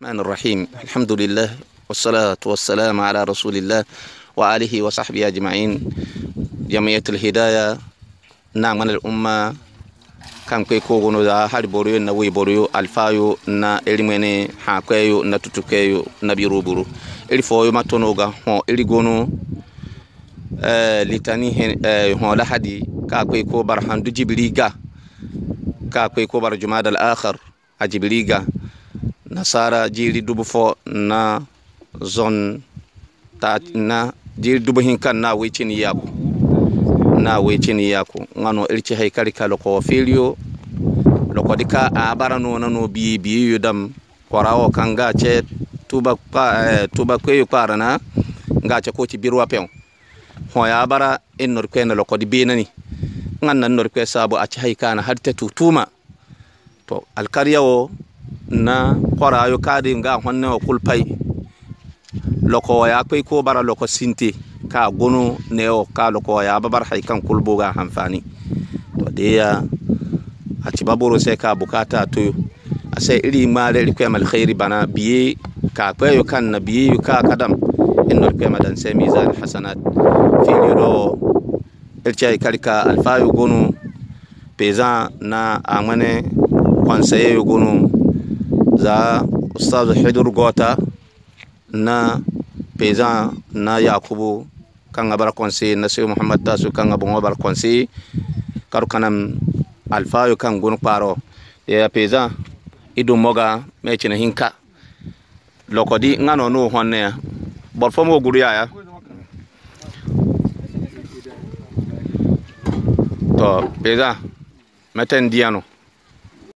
الرحمن الرحيم الحمد لله والصلاة والسلام على رسول الله وآله وصحبه أجمعين جميع الهدايا نعم الأمة كم كي كوغونو دا هاد بوريو نوي بوريو الفايو نا إلميني حاكيو نا توتوكيو نا بيروبرو الفويو ما تونوغا هون إلغونو آه، لتاني آه، هون لحدي كا كي كو برحان دو جبريغا كا كي كو بر جمعة الآخر أجبريغا nasara jiri dubu fo na zon ta na jiri dubu hinkan na wecin yaku na wecin yaku ngano ilci haikari ka loko filio loko dika abara no na no bi bi yudam korawo kanga che tuba pa eh, tuba kweyo parana ngacha ko ci birwa pew ho ya bara en nor na loko di benani nganna nor kwe sabu aci haikana hadta tutuma to alkarya wo na qorayo kadi nga honne o kulpay loko ya kai ko bara loko sinti ka gono ne o ka loko ya babar hay kan kulbo ga hanfani to de ya a ci sai ka bukata to sai iri ma da iri khairi bana biye ka kwayo kan na ka kadam inno kwama dan sai mizan hasanat fi yodo irce karka alfayo gono pezan na amane kwansaye gono za ustaz hidur gota na paysan na yakubu kanga bar konse na sai muhammad tasu kanga bon bar konse kar kanam alfayo kan gun paro ya paysan idu moga me cina hinka lokodi ngano no honne bor fomo guru ya to paysan meten diano